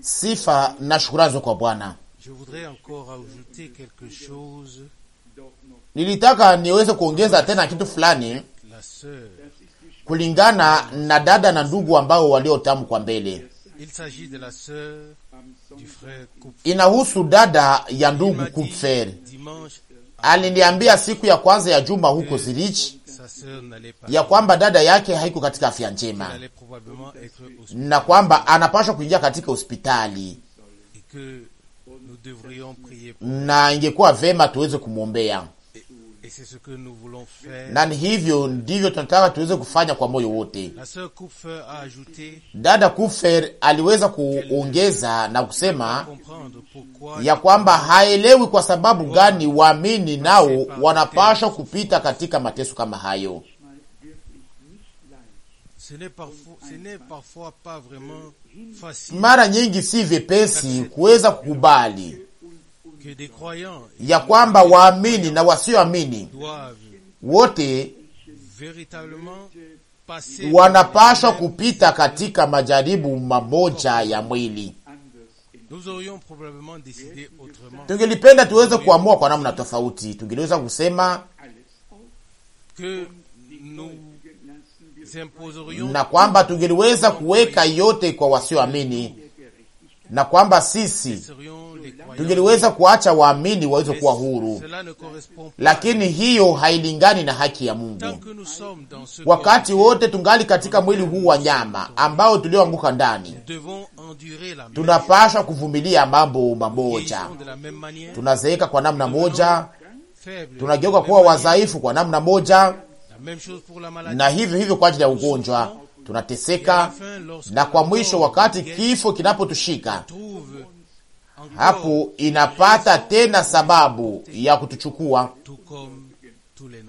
Sifa na shukurazo kwa Bwana. Nilitaka niweze kuongeza tena kitu fulani kulingana na dada na ndugu ambao waliotamu kwa mbele. Inahusu dada ya ndugu Kupfer, aliniambia siku ya kwanza ya juma huko euh, Zurich ya kwamba dada yake haiko katika afya njema na kwamba anapashwa kuingia katika hospitali, na ingekuwa vema tuweze kumwombea na ni hivyo ndivyo tunataka tuweze kufanya kwa moyo wote. Dada Kufer aliweza kuongeza na kusema ya kwamba haelewi kwa sababu gani waamini nao wanapasha kupita katika mateso kama hayo. Mara nyingi si vyepesi kuweza kukubali ya kwamba waamini na wasioamini wote wanapashwa kupita katika majaribu mamoja ya mwili. Tungelipenda tuweze kuamua kwa namna tofauti, tungeliweza kusema na kwamba tungeliweza kuweka yote kwa wasioamini, na kwamba sisi tungeliweza kuacha waamini waweze kuwa huru, lakini hiyo hailingani na haki ya Mungu. Wakati wote tungali katika mwili huu wa nyama ambao tulioanguka ndani, tunapashwa kuvumilia mambo mamoja. Tunazeeka kwa namna moja, tunageuka kuwa wadhaifu kwa namna moja, na hivyo hivyo kwa ajili ya ugonjwa tunateseka, na kwa mwisho, wakati kifo kinapotushika hapo inapata tena sababu ya kutuchukua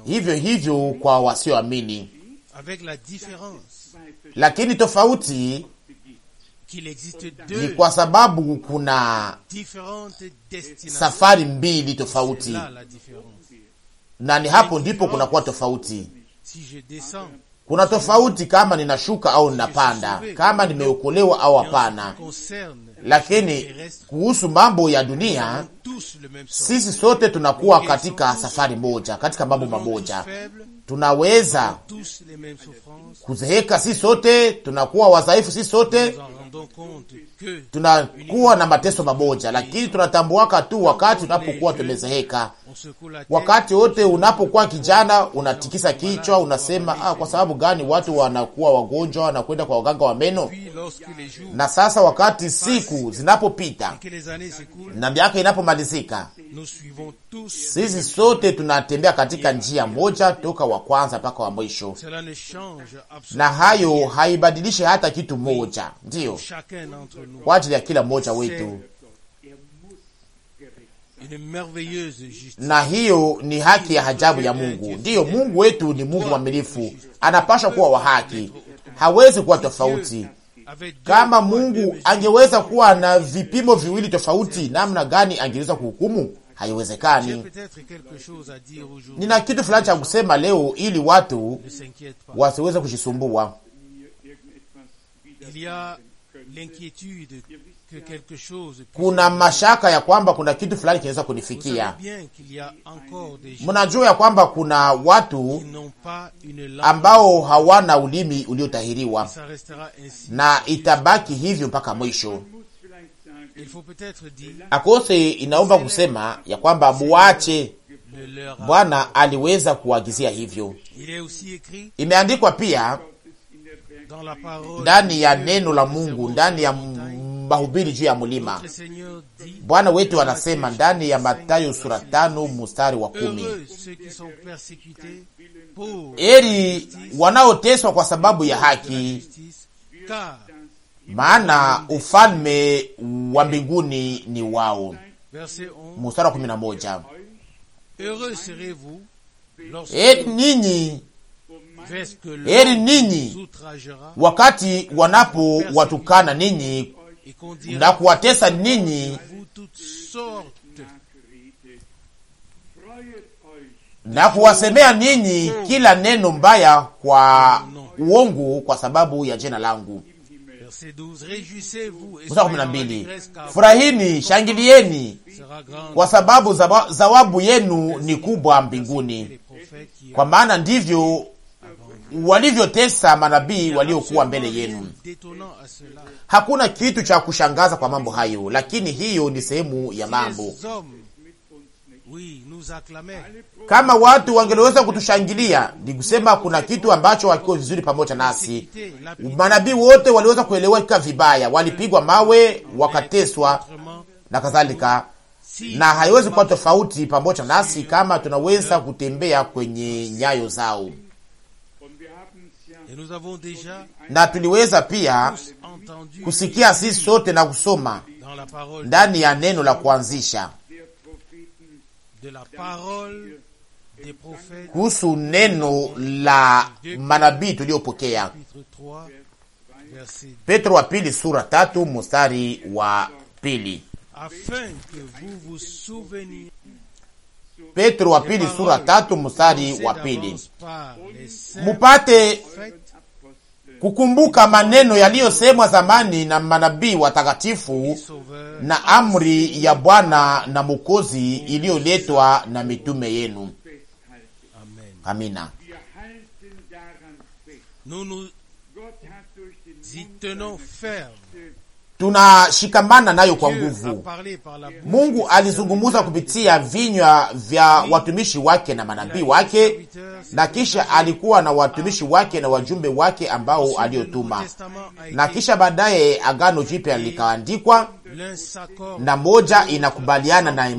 hivyo hivyo kwa wasioamini lakini tofauti ni kwa sababu kuna safari mbili tofauti, na ni hapo ndipo kunakuwa tofauti. Kuna tofauti kama ninashuka au ninapanda, kama nimeokolewa au hapana lakini kuhusu mambo ya dunia, sisi sote tunakuwa katika safari moja, katika mambo mamoja. Tunaweza kuzeeka sisi sote, tunakuwa wadhaifu sisi sote tunakuwa na mateso mamoja, lakini tunatambuaka tu wakati tunapokuwa tumezeheka. Wakati wote unapokuwa kijana, unatikisa kichwa, unasema ah, kwa sababu gani watu wanakuwa wagonjwa wanakwenda kwa waganga wa meno? Na sasa wakati siku zinapopita na miaka inapomalizika sisi sote tunatembea katika njia moja toka wa kwanza mpaka wa mwisho, na hayo haibadilishe hata kitu moja, ndiyo kwa ajili ya kila mmoja wetu, na hiyo ni haki ya hajabu ya Mungu. Ndiyo, Mungu wetu ni Mungu mwaminifu, anapashwa kuwa wa haki, hawezi kuwa tofauti. Kama Mungu angeweza kuwa na vipimo viwili tofauti, namna gani angeweza kuhukumu? haiwezekani. Nina kitu fulani cha kusema leo, ili watu wasiweze kujisumbua. Kuna mashaka ya kwamba kuna kitu fulani kinaweza kunifikia. Mnajua ya kwamba kuna watu ambao hawana ulimi uliotahiriwa na itabaki hivyo mpaka mwisho akose inaomba kusema ya kwamba muwache Bwana aliweza kuagizia hivyo. Imeandikwa pia ndani ya neno la Mungu, ndani ya mahubiri juu ya mulima Bwana wetu anasema ndani ya Mathayo sura tano mustari wa kumi, heri wanaoteswa kwa sababu ya haki maana ufalme wa mbinguni ni wao. Mstari wa kumi na moja. Heri ninyi, heri ninyi wakati wanapo watukana ninyi na kuwatesa ninyi na kuwasemea ninyi kila neno mbaya kwa uongo kwa sababu ya jina langu. Furahini, shangilieni, kwa sababu zawabu yenu ni kubwa mbinguni, kwa maana ndivyo walivyotesa manabii waliokuwa mbele yenu. Hakuna kitu cha kushangaza kwa mambo hayo, lakini hiyo ni sehemu ya mambo kama watu wangeliweza kutushangilia, ni kusema kuna kitu ambacho hakiko vizuri pamoja nasi. Manabii wote waliweza kueleweka vibaya, walipigwa mawe, wakateswa na kadhalika, na haiwezi kuwa tofauti pamoja nasi kama tunaweza kutembea kwenye nyayo zao, na tuliweza pia kusikia sisi sote na kusoma ndani ya neno la kuanzisha kuhusu neno la manabii tuliyopokea. Petro wa pili sura tatu mstari wa pili. Petro wa pili sura tatu mstari wa pili. Mupate kukumbuka maneno yaliyosemwa zamani na manabii watakatifu na amri ya Bwana na Mwokozi iliyoletwa na mitume yenu. Amina. Tunashikamana nayo kwa nguvu. Mungu alizungumuza kupitia vinywa vya watumishi wake na manabii wake na kisha alikuwa na watumishi wake na wajumbe wake ambao aliotuma, na kisha baadaye Agano Jipya likaandikwa na moja inakubaliana na,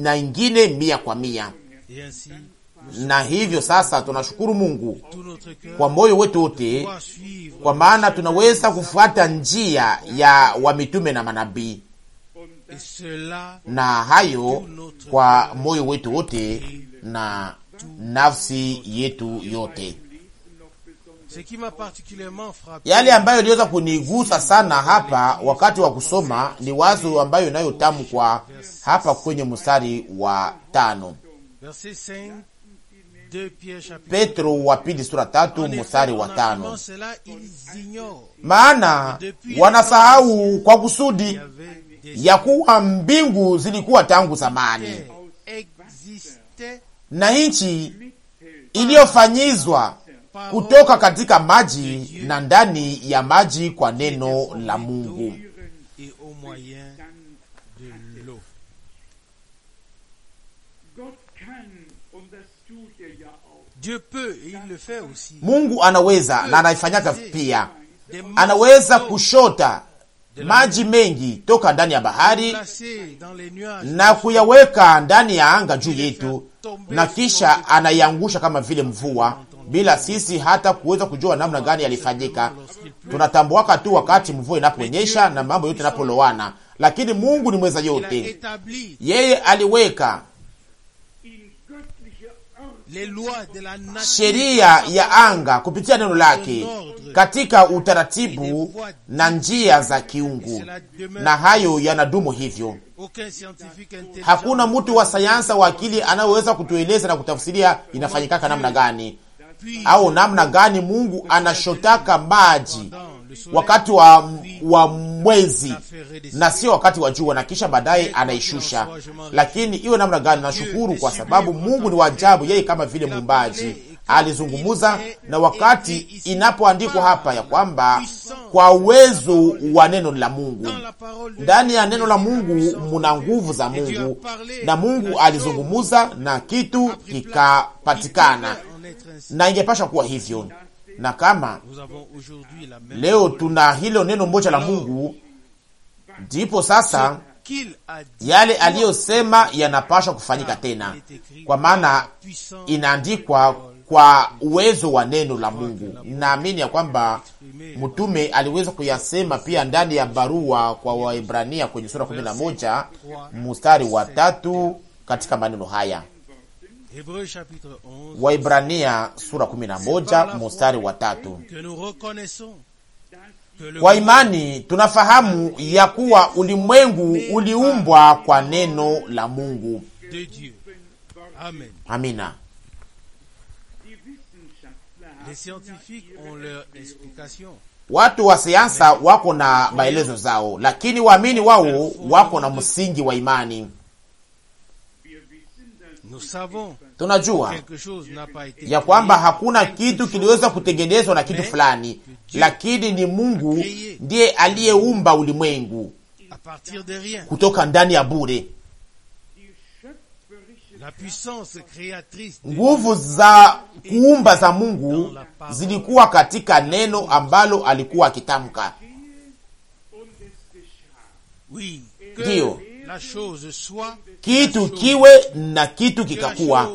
na ingine mia kwa mia. Na hivyo sasa tunashukuru Mungu kwa moyo wetu wote, kwa maana tunaweza kufuata njia ya wamitume na manabii, na hayo kwa moyo wetu wote na nafsi yetu yote. Yale ambayo iliweza kunigusa sana hapa wakati wa kusoma ni wazo ambayo inayotamkwa hapa kwenye mstari wa tano Petro wa pili sura tatu mstari wa tano maana wanasahau kwa kusudi ya kuwa mbingu zilikuwa tangu zamani na nchi iliyofanyizwa kutoka katika maji na ndani ya maji kwa neno la Mungu. Mungu anaweza na anaifanyaka pia, anaweza kushota maji mengi toka ndani ya bahari na kuyaweka ndani ya anga juu yetu na kisha anaiangusha kama vile mvua, bila sisi hata kuweza kujua namna gani yalifanyika. Tunatambuaka tu wakati mvua inaponyesha na mambo yote inapolowana, lakini Mungu ni mweza yote, yeye aliweka sheria ya anga kupitia neno lake katika utaratibu na njia za kiungu, na hayo yanadumu hivyo. Hakuna mtu wa sayansa wa akili anayeweza kutueleza na kutafsiria inafanyikaka namna gani au namna gani Mungu anashotaka maji wakati wa, wa mwezi na sio wakati wa jua, na kisha baadaye anaishusha. Lakini iwe namna gani, nashukuru kwa sababu Mungu ni wa ajabu. Yeye kama vile muumbaji alizungumuza, na wakati inapoandikwa hapa ya kwamba kwa uwezo wa neno la Mungu, ndani ya neno la Mungu muna nguvu za Mungu, na Mungu alizungumuza na kitu kikapatikana, na ingepasha kuwa hivyo na kama leo tuna hilo neno moja la Mungu, ndipo sasa yale aliyosema yanapashwa kufanyika tena, kwa maana inaandikwa kwa uwezo wa neno la Mungu. Naamini ya kwamba mtume aliweza kuyasema pia ndani ya barua kwa Waebrania kwenye sura 11 mstari wa tatu katika maneno haya Waibrania sura 11 mustari wa tatu. Kwa imani tunafahamu ya kuwa ulimwengu uliumbwa kwa neno la Mungu. Amina. Watu wa siasa wako na maelezo zao, lakini waamini wao wako na msingi wa imani tunajua ya kwamba hakuna kitu kiliweza kutengenezwa na kitu fulani, lakini ni Mungu ndiye aliyeumba ulimwengu kutoka ndani ya bure. Nguvu za kuumba za Mungu zilikuwa katika neno ambalo alikuwa akitamka, ndiyo kitu kiwe na kitu kikakuwa,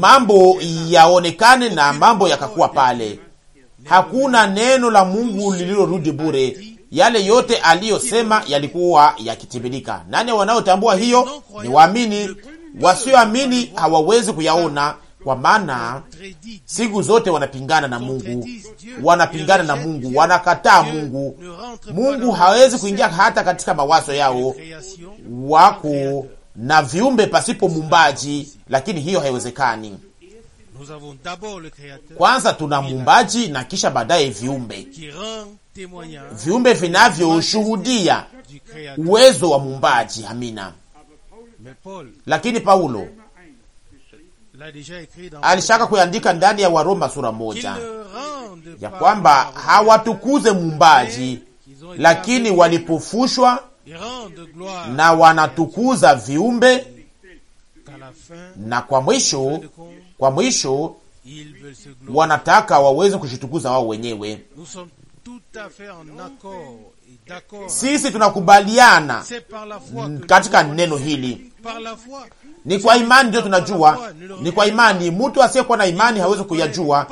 mambo yaonekane na mambo yakakuwa pale. Hakuna neno la Mungu lililorudi bure. Yale yote aliyosema yalikuwa yakitimilika. Nani wanaotambua hiyo? Ni waamini. Wasioamini hawawezi kuyaona, kwa maana siku zote wanapingana na Mungu, wanapingana na Mungu, wanakataa Mungu. Mungu hawezi kuingia hata katika mawazo yao. Wako na viumbe pasipo muumbaji, lakini hiyo haiwezekani. Kwanza tuna muumbaji na kisha baadaye viumbe, viumbe vinavyoshuhudia uwezo wa muumbaji. Amina. Lakini Paulo alishaka kuandika ndani ya Waroma sura moja ya kwamba hawatukuze muumbaji, lakini walipofushwa na wanatukuza viumbe, na kwa mwisho kwa mwisho wanataka waweze kushitukuza wao wenyewe. Sisi tunakubaliana katika neno hili ni kwa imani ndio tunajua, ni kwa imani. Mtu asiyekuwa na imani hawezi kuyajua,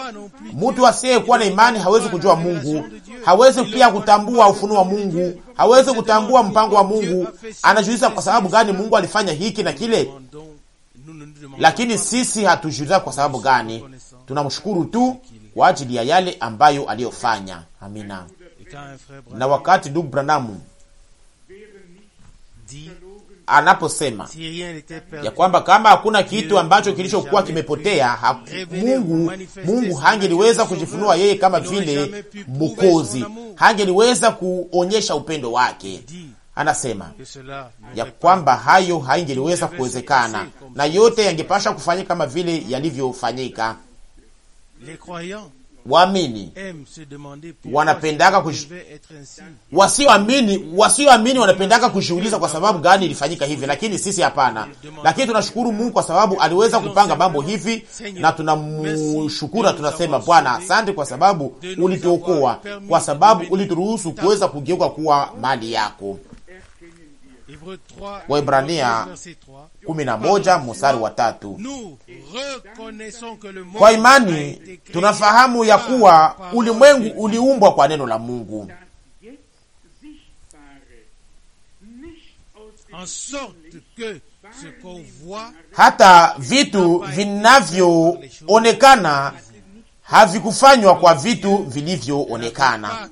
mtu asiyekuwa na imani hawezi kujua Mungu, hawezi pia kutambua ufunuo wa Mungu, hawezi kutambua mpango wa Mungu. Anajiuliza kwa sababu gani Mungu alifanya hiki na kile, lakini sisi hatujiuliza kwa sababu gani. Tunamshukuru tu kwa ajili ya yale ambayo aliyofanya. Amina. Na wakati ndugu Branamu anaposema ya kwamba kama hakuna kitu ambacho kilichokuwa kimepotea, Mungu Mungu hangeliweza kujifunua yeye kama vile mukozi hangeliweza kuonyesha upendo wake. Anasema ya kwamba hayo haingeliweza kuwezekana, na yote yangepasha kufanyika kama vile yalivyofanyika waamini eh, wanapendaka kush... wasioamini wasioamini wanapendaka kushughuliza kwa sababu gani ilifanyika hivi, lakini sisi hapana. Lakini tunashukuru Mungu kwa sababu aliweza kupanga mambo hivi, na tunamshukuru, tunasema Bwana asante kwa sababu ulituokoa, kwa sababu ulituruhusu kuweza kugeuka kuwa mali yako. Waebrania moja mstari wa tatu. Kwa imani tunafahamu ya kuwa ulimwengu uliumbwa kwa neno la Mungu, hata vitu vinavyoonekana havikufanywa kwa vitu vilivyoonekana.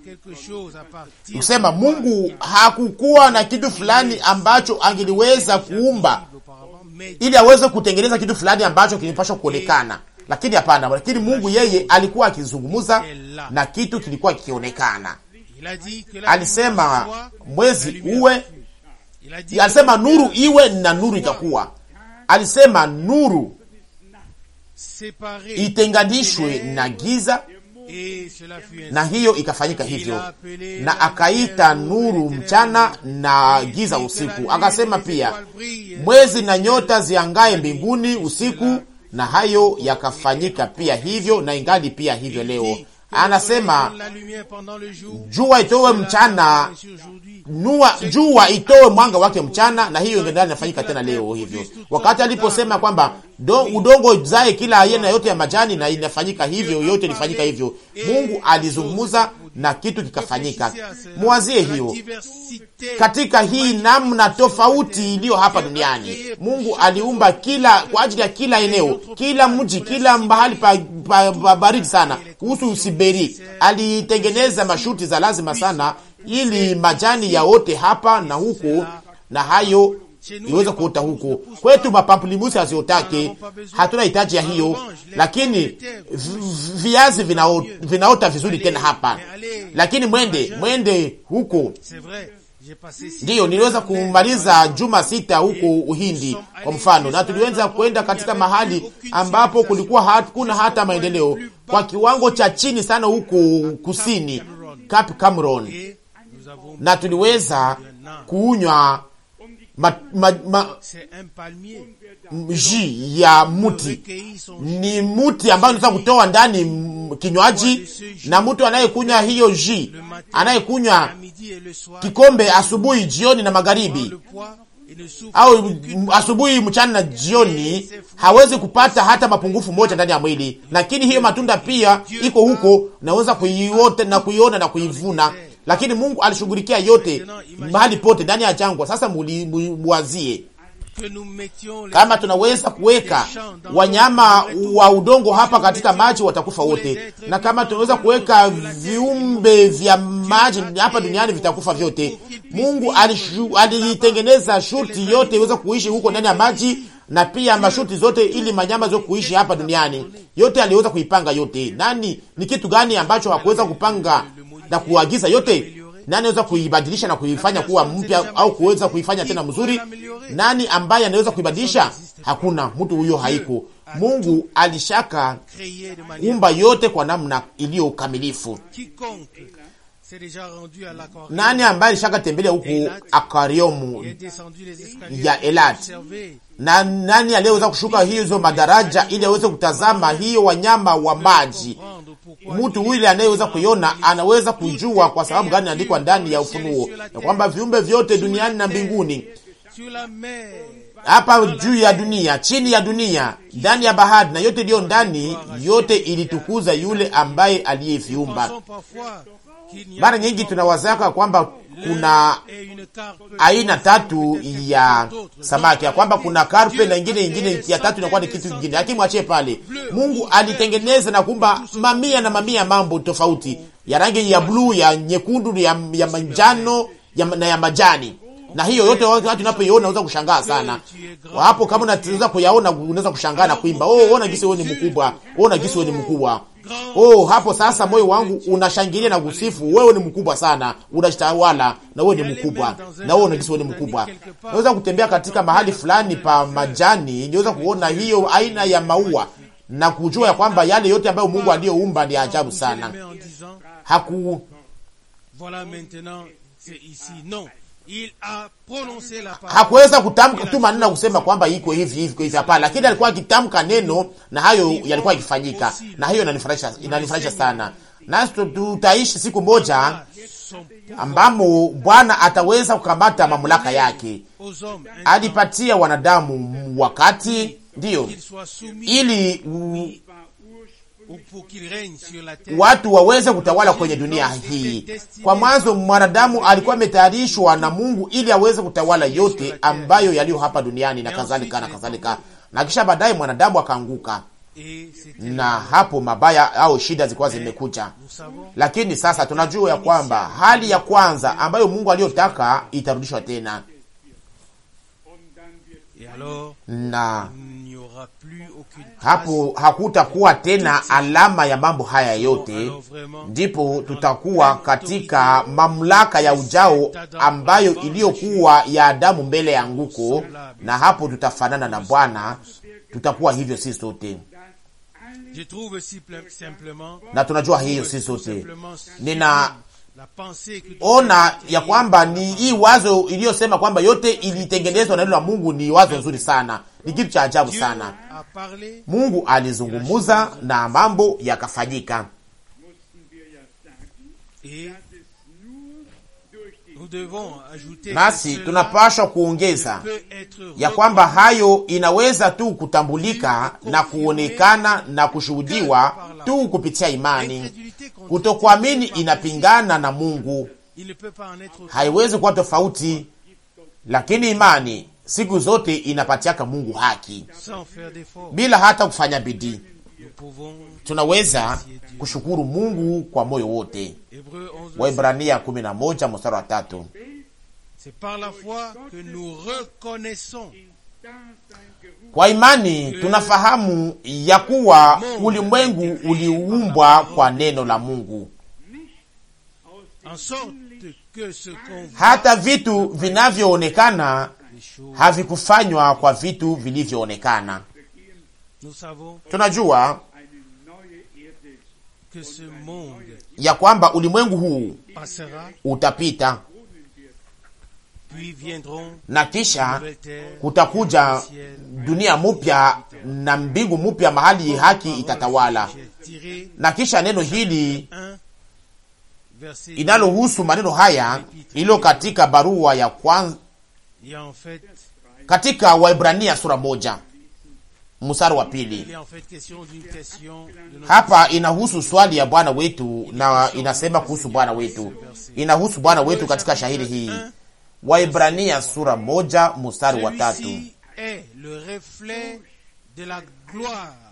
Kusema Mungu hakukuwa na kitu fulani ambacho angeliweza kuumba ili aweze kutengeneza kitu fulani ambacho kilipashwa kuonekana, lakini hapana. Lakini Mungu yeye alikuwa akizungumza na kitu kilikuwa kikionekana. Alisema mwezi uwe, alisema nuru iwe, na nuru ikakuwa. Alisema nuru itenganishwe na giza, na hiyo ikafanyika hivyo, na akaita nuru mchana na giza usiku. Akasema pia mwezi na nyota ziangaye mbinguni usiku, na hayo yakafanyika pia hivyo, na ingali pia hivyo leo anasema jua itowe mchana, nua jua itowe mwanga wake mchana, na hiyo ndio inafanyika tena leo hivyo. Wakati aliposema kwamba udongo zae kila aina yote ya majani, na inafanyika hivyo, yote ilifanyika hivyo. Mungu alizungumza na kitu kikafanyika. Mwazie hiyo katika hii namna tofauti iliyo hapa duniani. Mungu aliumba kila kwa ajili ya kila eneo, kila mji, kila mahali pa, pa, pa baridi sana. Kuhusu Siberi alitengeneza mashuti za lazima sana, ili majani yaote hapa na huko na hayo iweze kuota huko kwetu. Mapamplimusi haziotake, hatuna hitaji ya hiyo, lakini viazi vinaota vizuri tena hapa. Lakini mwende mwende huko. Ndiyo, niliweza kumaliza juma sita huko Uhindi kwa mfano, na tuliweza kwenda katika mahali ambapo kulikuwa hakuna hata maendeleo kwa kiwango cha chini sana huko kusini Cape Cameroon, na tuliweza kuunywa ma, ma, ma, ji ya muti ni muti ambayo unaweza kutoa ndani kinywaji, na mtu anayekunywa hiyo ji, anayekunywa kikombe asubuhi, jioni na magharibi, au asubuhi, mchana na jioni, hawezi kupata hata mapungufu moja ndani ya mwili. Lakini hiyo matunda pia iko huko, naweza kuiota na kuiona na kuivuna lakini Mungu alishughulikia yote mahali pote ndani ya jangwa. Sasa muwazie kama tunaweza kuweka wanyama wa udongo hapa katika maji, watakufa wote, na kama tunaweza kuweka viumbe vya maji hapa duniani vitakufa vyote. Mungu alitengeneza shurti yote iweze kuishi huko ndani ya maji na pia masharti zote, ili manyama zo kuishi hapa duniani. Yote aliweza kuipanga yote. Nani ni kitu gani ambacho hakuweza kupanga na kuagiza yote? Nani anaweza kuibadilisha na kuifanya kuwa mpya au kuweza kuifanya tena mzuri? Nani ambaye anaweza kuibadilisha? Hakuna mtu huyo, haiko Mungu alishaka umba yote kwa namna iliyo ukamilifu. Nani ambaye tembelea huku akariomu ya Elat? Na nani aliyeweza kushuka hizo madaraja ili aweze kutazama hiyo wanyama wa maji? Mtu yule anayeweza kuiona anaweza kujua kwa sababu gani andikwa ndani ya Ufunuo ya kwamba viumbe vyote duniani na mbinguni, hapa juu ya dunia, chini ya dunia, ndani ya bahari na yote iliyo ndani, yote ilitukuza yule ambaye aliyeviumba. Mara nyingi tunawazaka kwamba kuna aina tatu ya samaki, ya kwamba kuna karpe na ingine ingine ya tatu inakuwa ni kitu kingine, lakini mwachie pale. Mungu alitengeneza na kumba mamia na mamia mambo tofauti ya rangi ya bluu, ya nyekundu, ya, ya manjano ya, na ya majani na hiyo yote watu unapoiona unaweza kushangaa sana. Hapo kama unaweza kuyaona unaweza kushangaa na kuimba, oh, ona gisi wewe ni mkubwa, ona gisi wewe ni mkubwa. Oh, hapo sasa moyo wangu unashangilia na kusifu. Wewe ni mkubwa sana, unajitawala na wewe ni mkubwa, na wewe unajisikia ni mkubwa. Naweza kutembea katika mahali fulani pa majani, niweza kuona hiyo aina ya maua na kujua ya kwamba yale yote ambayo Mungu aliyoumba ni ajabu sana. Haku hakuweza kutamka tu maneno kusema kwamba iko hivi hivi hivi, hapana, lakini alikuwa akitamka neno na hayo yalikuwa yakifanyika, na hiyo inanifurahisha, inanifurahisha sana. Nasi tutaishi siku moja ah, ambamo Bwana ataweza kukamata mamlaka yaani, yake. Alipatia wanadamu wakati, ndiyo, ili watu waweze kutawala kwenye dunia hii. Kwa mwanzo, mwanadamu alikuwa ametayarishwa na Mungu ili aweze kutawala yote ambayo yaliyo hapa duniani na kadhalika na kadhalika, na kisha baadaye mwanadamu akaanguka, na hapo mabaya au shida zilikuwa zimekuja. Lakini sasa tunajua ya kwamba hali ya kwanza ambayo Mungu aliyotaka itarudishwa tena na hapo hakutakuwa tena alama ya mambo haya yote, ndipo tutakuwa katika mamlaka ya ujao ambayo iliyokuwa ya Adamu mbele ya anguko, na hapo tutafanana na Bwana, tutakuwa hivyo sisi sote na tunajua hiyo sisi sote nina ona ya kwamba ni hii wazo iliyosema kwamba yote ilitengenezwa na neno la Mungu ni wazo nzuri sana, ni kitu cha ajabu sana. Mungu alizungumuza na mambo yakafanyika nasi tunapashwa kuongeza ya kwamba hayo inaweza tu kutambulika na kuonekana na kushuhudiwa tu kupitia imani. Kutokuamini inapingana na Mungu, haiwezi kuwa tofauti, lakini imani siku zote inapatiaka Mungu haki bila hata kufanya bidii tunaweza kushukuru Mungu kwa moyo wote. Waibrania 11 mstari wa tatu. Kwa imani tunafahamu ya kuwa ulimwengu uliumbwa kwa neno la Mungu, hata vitu vinavyoonekana havikufanywa kwa vitu vilivyoonekana. Tunajua ya kwamba ulimwengu huu utapita na kisha kutakuja dunia mupya na mbingu mupya mahali haki itatawala. Na kisha neno hili inalohusu maneno haya ilo katika barua ya kwanza katika Waibrania sura moja mstari wa pili. Hapa inahusu swali ya Bwana wetu na inasema kuhusu Bwana wetu, inahusu Bwana wetu katika shahiri hii, waibrania sura moja mstari wa tatu.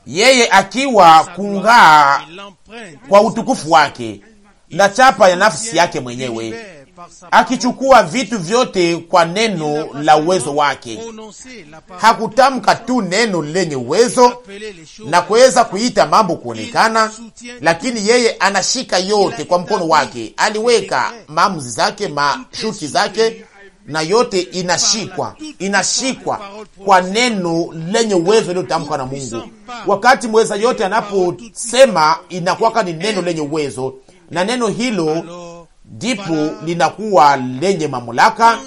Yeye akiwa kung'aa kwa utukufu wake na chapa ya nafsi yake mwenyewe akichukua vitu vyote kwa neno la uwezo wake. Hakutamka tu neno lenye uwezo na kuweza kuita mambo kuonekana, lakini yeye anashika yote kwa mkono wake. Aliweka maamuzi zake, mashuti zake na yote inashikwa inashikwa kwa neno lenye uwezo iliyotamkwa na Mungu. Wakati mweza yote anaposema inakwaka ni neno lenye uwezo, na neno hilo ndipo linakuwa lenye mamlaka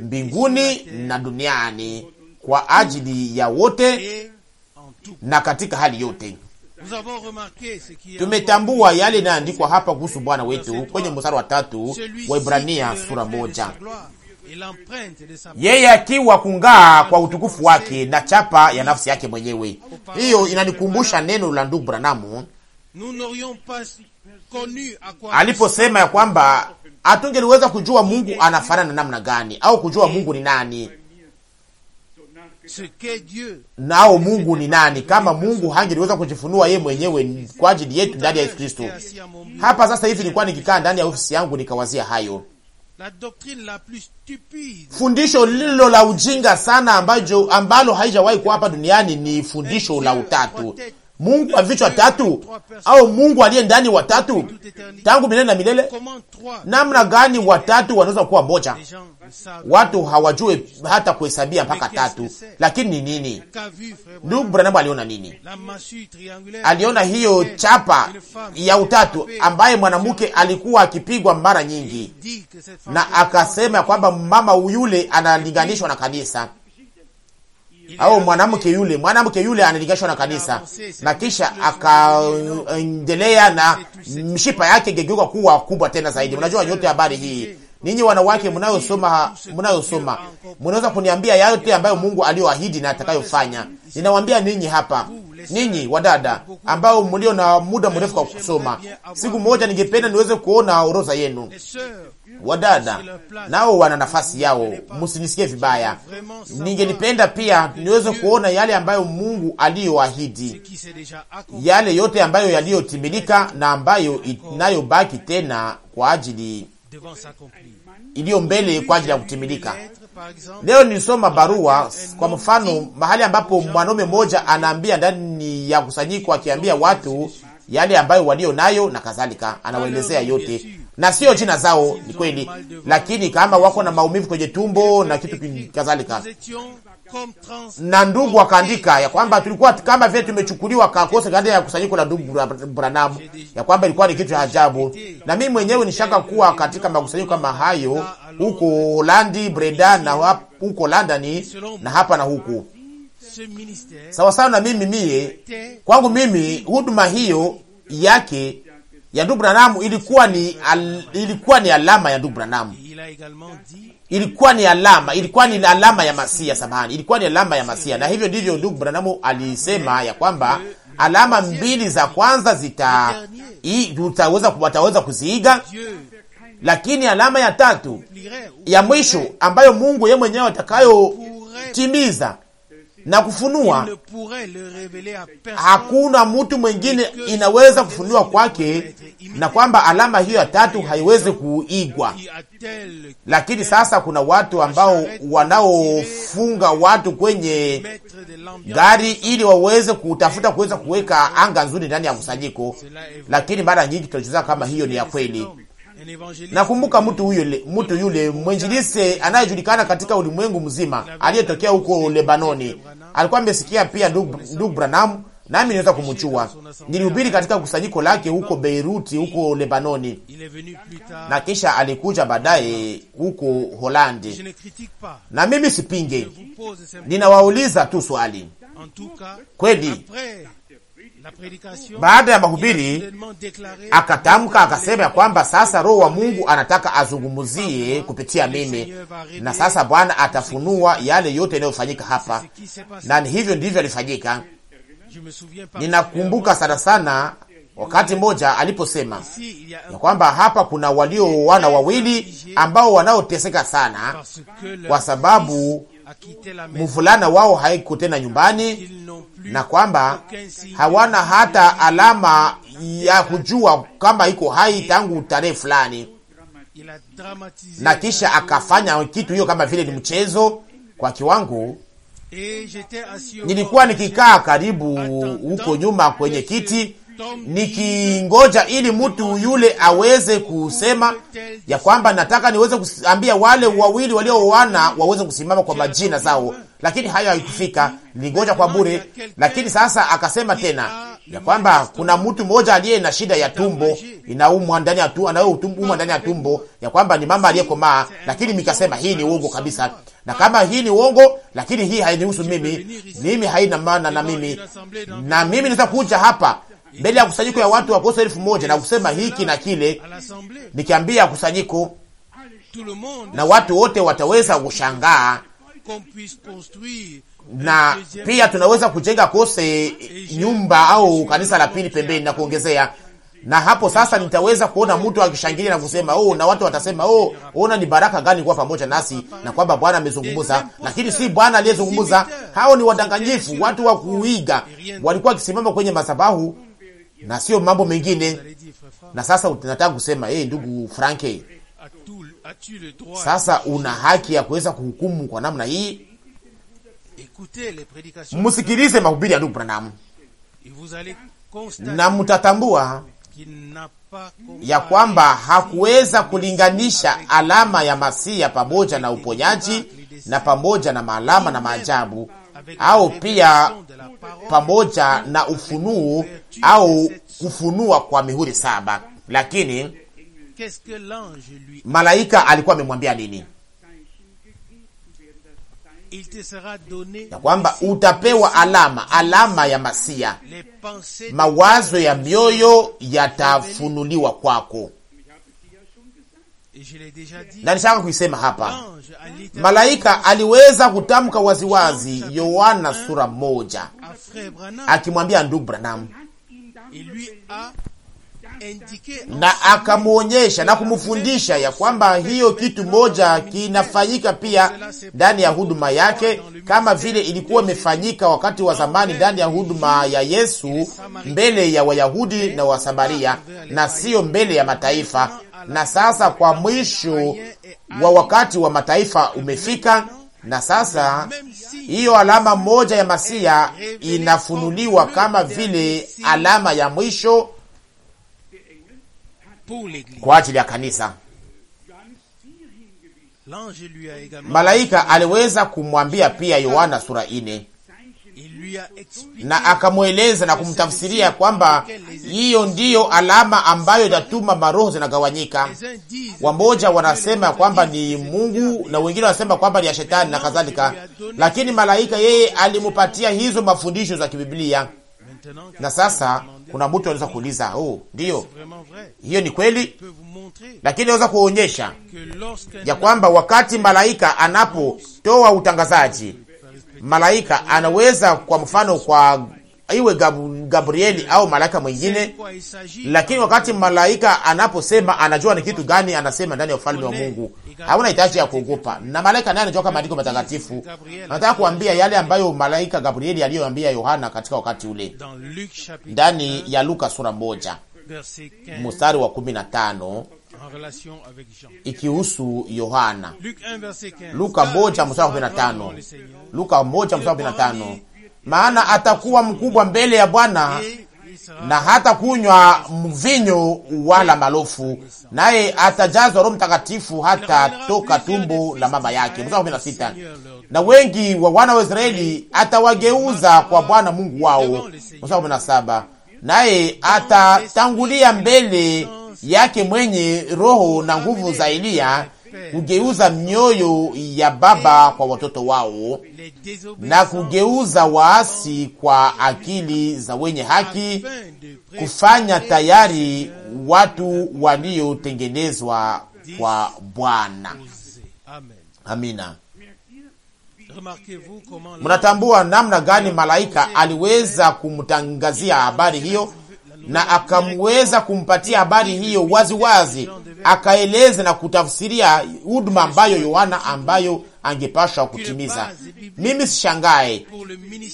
mbinguni na duniani kwa ajili ya wote na katika hali yote. Tumetambua yale inaandikwa hapa kuhusu Bwana wetu kwenye mstari wa tatu wa Ibrania sura moja, yeye akiwa kung'aa kwa utukufu wake na chapa ya nafsi yake mwenyewe. Hiyo inanikumbusha neno la ndugu Branamu aliposema ya kwamba hatungeliweza kujua Mungu anafanana na namna gani au kujua Mungu ni nani nao Mungu ni nani kama Mungu hangeliweza kujifunua yeye mwenyewe kwa ajili yetu ndani ya Yesu Kristo. Hapa sasa hivi nilikuwa nikikaa ndani ya ofisi yangu nikawazia hayo fundisho lilo la ujinga sana ambajo, ambalo haijawahi kuwa hapa duniani ni fundisho la utatu Mungu wa vichwa tatu au Mungu aliye ndani watatu tangu milele na milele. Namna gani watatu wanaweza kuwa moja? Watu hawajue hata kuhesabia mpaka tatu. Lakini ni nini? Ndugu Branham aliona nini? Aliona hiyo chapa ya utatu ambaye mwanamke alikuwa akipigwa mara nyingi, na akasema kwamba mama yule analinganishwa na kanisa au mwanamke yule, mwanamke yule analingishwa na kanisa, na kisha akaendelea na mshipa yake gegeuka kuwa kubwa tena zaidi. Mnajua yote habari hii, ninyi wanawake mnayosoma, mnayosoma, mnaweza kuniambia yote ambayo uh, Mungu aliyoahidi na atakayofanya. Ninawaambia ninyi hapa ninyi wadada ambao mlio na muda mrefu kwa kusoma, siku moja ningependa niweze kuona orodha yenu Wadada nao wana nafasi yao, msinisikie vibaya. Ningelipenda pia niweze kuona yale ambayo Mungu aliyoahidi, yale yote ambayo yaliyotimilika na ambayo inayobaki tena kwa ajili iliyo mbele kwa ajili ya kutimilika. Leo nilisoma barua kwa mfano, mahali ambapo mwanaume mmoja anaambia ndani ya kusanyiko, akiambia watu yale ambayo walio nayo na kadhalika, anawaelezea yote na sio jina zao, ni kweli, lakini kama wako na maumivu kwenye tumbo na kitu kadhalika. Na ndugu akaandika ya kwamba tulikuwa kama vile tumechukuliwa kakosa baada ya kusanyiko la ndugu Branham, ya kwamba ilikuwa ni kitu cha ajabu, na mimi mwenyewe nishaka kuwa katika makusanyiko kama hayo huko Holandi, Breda na huko London na hapa na huku sawa sawa, Na mimi mie kwangu mimi huduma hiyo yake ya ndugu Branamu ilikuwa ni al, ilikuwa ni alama ya ndugu Branamu, ilikuwa ni alama, ilikuwa ni alama ya masia samahani, ilikuwa ni alama ya masia. Na hivyo ndivyo ndugu branamu alisema ya kwamba alama mbili za kwanza zita utaweza wataweza kuziiga, lakini alama ya tatu ya mwisho ambayo Mungu yeye mwenyewe atakayotimiza na kufunua. Hakuna mtu mwingine inaweza kufunua kwake, na kwamba alama hiyo ya tatu haiwezi kuigwa. Lakini sasa kuna watu ambao wanaofunga watu kwenye gari ili waweze kutafuta kuweza kuweka anga nzuri ndani ya mkusanyiko, lakini mara nyingi tunacheza kama hiyo ni ya kweli. Nakumbuka mtu huyo, mtu yule mwenjilise anayejulikana katika ulimwengu mzima aliyetokea huko Lebanoni alikuwa amesikia pia ndugu Branham, nami niweza kumchua. Nilihubiri katika kusanyiko lake huko Beiruti, huko Lebanoni, na kisha alikuja baadaye huko Holandi. Na mimi sipinge, ninawauliza tu swali kweli baada ya mahubiri akatamka akasema ya kwamba sasa Roho wa Mungu anataka azungumuzie kupitia mimi, na sasa Bwana atafunua yale yote yanayofanyika hapa, na ni hivyo ndivyo alifanyika. Ninakumbuka sana sana wakati mmoja aliposema ya kwamba hapa kuna walio wana wawili ambao wanaoteseka sana kwa sababu mvulana wao haiko tena nyumbani, na kwamba hawana hata alama ya kujua kama iko hai tangu tarehe fulani, na kisha akafanya kitu hiyo kama vile ni mchezo kwa kiwango nilikuwa nikikaa karibu huko nyuma kwenye kiti nikingoja ili mtu yule aweze kusema ya kwamba nataka niweze kuambia wale wawili waliooana waweze kusimama kwa majina zao, lakini hayo haikufika, Ningoja kwa bure. Lakini sasa akasema tena ya kwamba kuna mtu mmoja aliye na shida ya tumbo, inaumwa ndani ya tumbo, anayo anayeumwa ndani ya tumbo, ya kwamba ni mama aliyekomaa. Lakini mikasema hii ni uongo kabisa, na kama hii ni uongo, lakini hii hainihusu mimi, mimi haina maana na mimi, na mimi nitakuja hapa mbele ya kusanyiko ya watu wakosa elfu moja na kusema hiki na kile, nikiambia kusanyiko, na watu wote wataweza kushangaa na pia tunaweza kujenga kose nyumba au kanisa la pili pembeni na kuongezea. Na hapo sasa nitaweza kuona mtu akishangilia na kusema oh, na watu watasema oh, ona ni baraka gani kuwa pamoja nasi na kwamba Bwana amezungumza, lakini si Bwana aliyezungumza. Hao ni wadanganyifu, watu wa kuiga, walikuwa wakisimama kwenye masabahu na sio mambo mengine. Na sasa unataka kusema hey, eh, ndugu Franke, sasa una haki ya kuweza kuhukumu kwa namna hii. Msikilize mahubiri ya ndugu Branham na mtatambua ya kwamba hakuweza kulinganisha alama ya masia pamoja na uponyaji na pamoja na maalama na maajabu au pia pamoja na ufunuo au kufunua kwa mihuri saba. Lakini malaika alikuwa amemwambia nini? ya kwamba utapewa alama, alama ya Masia, mawazo ya mioyo yatafunuliwa kwako na nishaka kuisema hapa, malaika aliweza kutamka waziwazi Yohana sura moja, akimwambia ndugu Branham na akamwonyesha na kumfundisha ya kwamba hiyo kitu moja kinafanyika pia ndani ya huduma yake, kama vile ilikuwa imefanyika wakati wa zamani ndani ya huduma ya Yesu mbele ya Wayahudi na Wasamaria, na siyo mbele ya mataifa, na sasa kwa mwisho wa wakati wa mataifa umefika, na sasa hiyo alama moja ya masia inafunuliwa kama vile alama ya mwisho kwa ajili ya kanisa. Malaika aliweza kumwambia pia Yohana sura ine na akamweleza na kumtafsiria kwamba hiyo ndiyo alama ambayo itatuma maroho zinagawanyika. Wamoja wanasema kwamba ni Mungu na wengine wanasema kwamba ni ya shetani na kadhalika, lakini malaika yeye alimupatia hizo mafundisho za kibiblia. Na sasa kuna mtu anaweza kuuliza, oh, ndiyo hiyo ni kweli, lakini naweza kuonyesha ya kwamba wakati malaika anapotoa utangazaji malaika anaweza, kwa mfano, kwa iwe Gabrieli au malaika mwingine, lakini wakati malaika anaposema anajua ni kitu gani anasema ndani ya ufalme wa Mungu, hauna hitaji ya kuogopa. Na malaika naye anajua kama andiko matakatifu. anataka kuambia yale ambayo malaika Gabrieli aliyoambia Yohana katika wakati ule, ndani ya Luka sura moja mstari wa kumi na tano ikihusu Yohana, Luka moja mstari kumi na tano Luka moja mstari kumi na tano maana atakuwa mkubwa mbele ya Bwana na hata kunywa mvinyo wala malofu, naye atajazwa Roho Mtakatifu hata toka tumbo la mama yake. Mstari kumi na sita na wengi wa wana wa Israeli atawageuza kwa Bwana Mungu wao. Mstari kumi na saba naye atatangulia mbele yake mwenye roho na nguvu za Eliya kugeuza mioyo ya baba kwa watoto wao na kugeuza waasi kwa akili za wenye haki, kufanya tayari watu waliotengenezwa kwa Bwana. Amina. Mnatambua namna gani malaika aliweza kumtangazia habari hiyo na akamweza kumpatia habari hiyo waziwazi, akaeleza na kutafsiria huduma ambayo Yohana ambayo angepashwa kutimiza. Mimi sishangae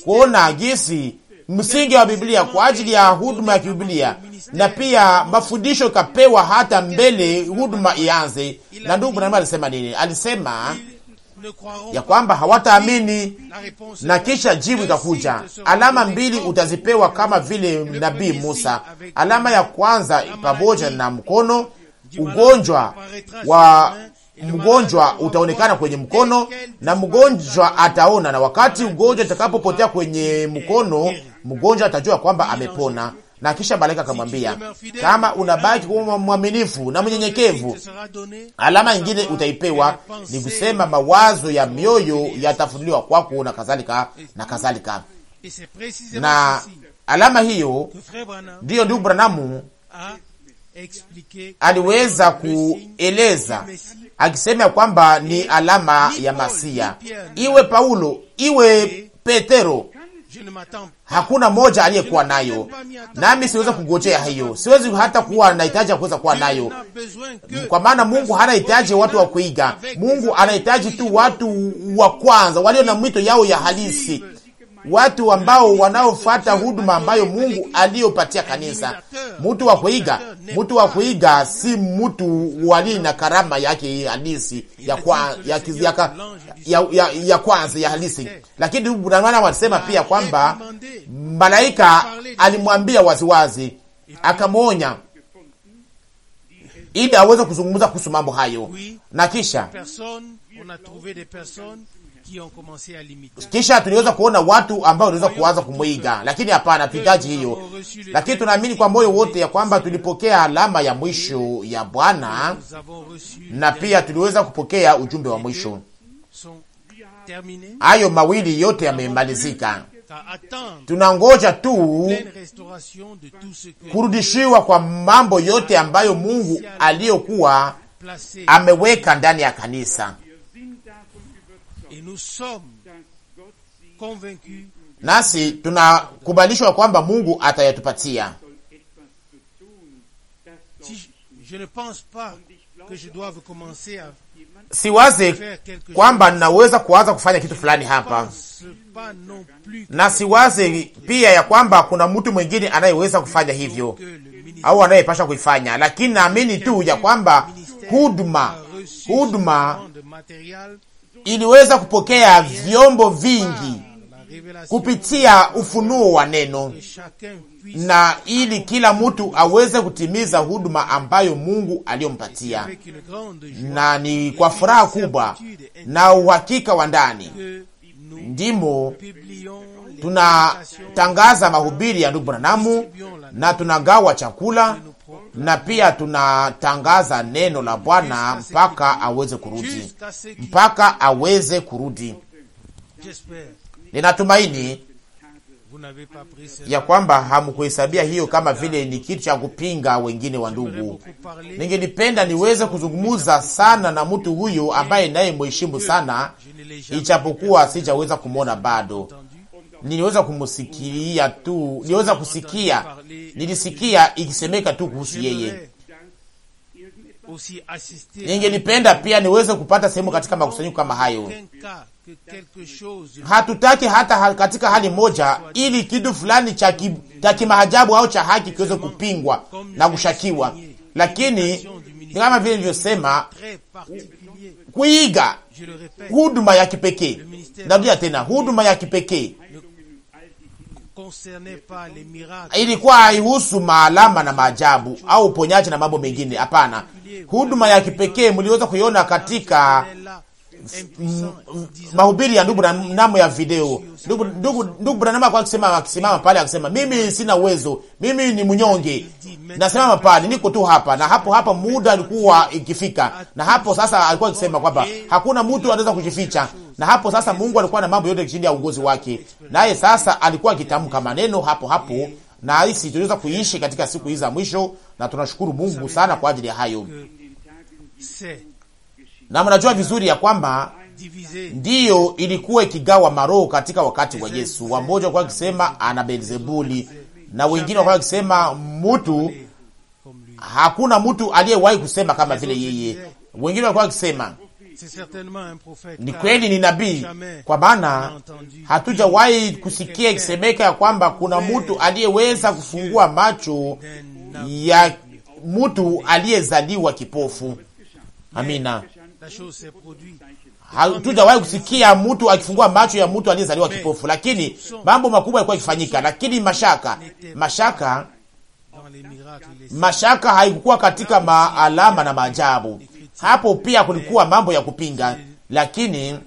kuona gisi msingi wa Biblia kwa ajili ya huduma ya kibiblia na pia mafundisho ikapewa hata mbele huduma ianze. Na ndugu Branham alisema nini? Alisema ya kwamba hawataamini, na kisha jibu itakuja. Alama mbili utazipewa kama vile nabii Musa. Alama ya kwanza pamoja na mkono, ugonjwa wa mgonjwa utaonekana kwenye mkono na mgonjwa ataona, na wakati ugonjwa utakapopotea kwenye mkono, mgonjwa atajua kwamba amepona. Na kisha malaika akamwambia, kama unabaki kuwa mwaminifu na mnyenyekevu, alama nyingine utaipewa, ni kusema mawazo ya mioyo yatafunuliwa kwako, na kadhalika na kadhalika. Na alama hiyo ndiyo ndugu Branamu aliweza kueleza akisema kwamba ni alama ya Masia, iwe Paulo iwe Petero hakuna moja aliyekuwa nayo, nami siweza kugojea hiyo, siwezi hata kuwa na hitaji ya kuweza kuwa nayo, kwa maana Mungu hana hitaji watu wa kuiga. Mungu anahitaji tu watu wa kwanza walio na mwito yao ya halisi watu ambao wanaofata huduma ambayo Mungu aliyopatia kanisa. Mtu wa kuiga, mtu wa kuiga si mtu wali na karama yake halisi ya kwa ya ya, ya, ya, ya kwanza ya halisi, lakini Bwana wanasema pia kwamba malaika alimwambia waziwazi, akamwonya ili aweze kuzungumza kuhusu mambo hayo na kisha kisha tuliweza kuona watu ambao waliweza kuanza kumwiga, lakini hapana, tuhitaji hiyo. Lakini tunaamini kwa moyo wote ya kwamba tulipokea alama ya mwisho ya Bwana na pia tuliweza kupokea ujumbe wa mwisho. Hayo mawili yote yamemalizika. Tunangoja tu kurudishiwa kwa mambo yote ambayo Mungu aliyokuwa ameweka ndani ya kanisa nasi tunakubalishwa kwamba Mungu atayatupatia. Siwaze kwamba ninaweza kuanza kufanya kitu fulani hapa, na siwaze pia ya kwamba kuna mtu mwingine anayeweza kufanya hivyo au anayepasha kuifanya, lakini naamini tu ya kwamba huduma huduma iliweza kupokea vyombo vingi kupitia ufunuo wa neno, na ili kila mtu aweze kutimiza huduma ambayo Mungu aliyompatia. Na ni kwa furaha kubwa na uhakika wa ndani ndimo tunatangaza mahubiri ya ndugu Branamu na tunagawa chakula na pia tunatangaza neno la Bwana mpaka aweze kurudi, mpaka aweze kurudi. Ninatumaini ya kwamba hamkuhesabia hiyo kama vile ni kitu cha kupinga wengine wa ndugu. Ningelipenda niweze kuzungumuza sana na mtu huyu ambaye naye mheshimu sana, ichapokuwa sijaweza kumwona bado, niliweza kumsikia tu, niliweza kusikia, nilisikia ikisemeka tu kuhusu yeye. Ningelipenda pia niweze kupata sehemu katika makusanyiko kama hayo. Hatutaki hata katika hali moja, ili kitu fulani cha kimaajabu au cha haki kiweze kupingwa na kushakiwa, lakini kama vile nilivyosema, kuiga huduma ya kipekee. Narudia tena, huduma ya kipekee ilikuwa haihusu maalama na maajabu au uponyaji na mambo mengine. Hapana, huduma ya kipekee mliweza kuiona katika mahubiri ya ndugu Branham ya video. Ndugu ndugu ndugu Branham alikuwa akisema akisimama pale akisema, mimi sina uwezo, mimi ni mnyonge, nasimama pale, niko tu hapa na hapo hapa. Muda alikuwa ikifika, na hapo sasa alikuwa akisema kwamba hakuna mtu anaweza kujificha, na hapo sasa Mungu alikuwa na mambo yote chini ya uongozi wake, naye sasa alikuwa akitamka maneno hapo hapo na hisi tunaweza kuishi katika siku hizi za mwisho, na tunashukuru Mungu sana kwa ajili ya hayo na mnajua vizuri ya kwamba ndiyo ilikuwa ikigawa maroho katika wakati wa Yesu. Wamoja walikuwa wakisema ana Beelzebuli na wengine walikuwa wakisema mtu, hakuna mtu aliyewahi kusema kama vile yeye. Wengine walikuwa wakisema ni kweli ni nabii, kwa maana hatujawahi kusikia ikisemeka ya kwamba kuna mtu aliyeweza kufungua macho ya mtu aliyezaliwa kipofu. Amina. Hatujawahi kusikia mtu akifungua macho ya mtu aliyezaliwa kipofu, lakini mambo makubwa yalikuwa yakifanyika. Lakini mashaka mashaka mashaka haikuwa katika maalama na maajabu. Hapo pia kulikuwa mambo ya kupinga, lakini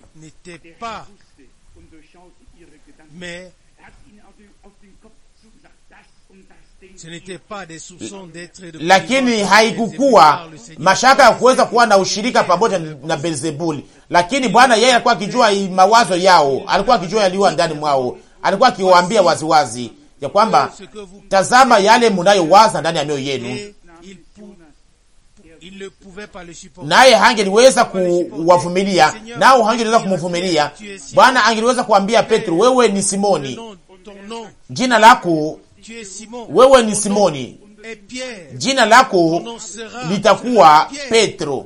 lakini haikukuwa mashaka ya kuweza kuwa na ushirika pamoja na Beelzebuli, lakini Bwana yeye alikuwa akijua mawazo yao, alikuwa akijua yaliyo ndani mwao, alikuwa akiwaambia waziwazi ya kwamba tazama yale munayowaza ndani ya mioyo yenu, naye hangeliweza kuwavumilia, nao hangeliweza kumvumilia. Bwana angeliweza kuambia Petro, wewe ni Simoni, jina lako wewe ni Simoni, jina lako litakuwa Petro,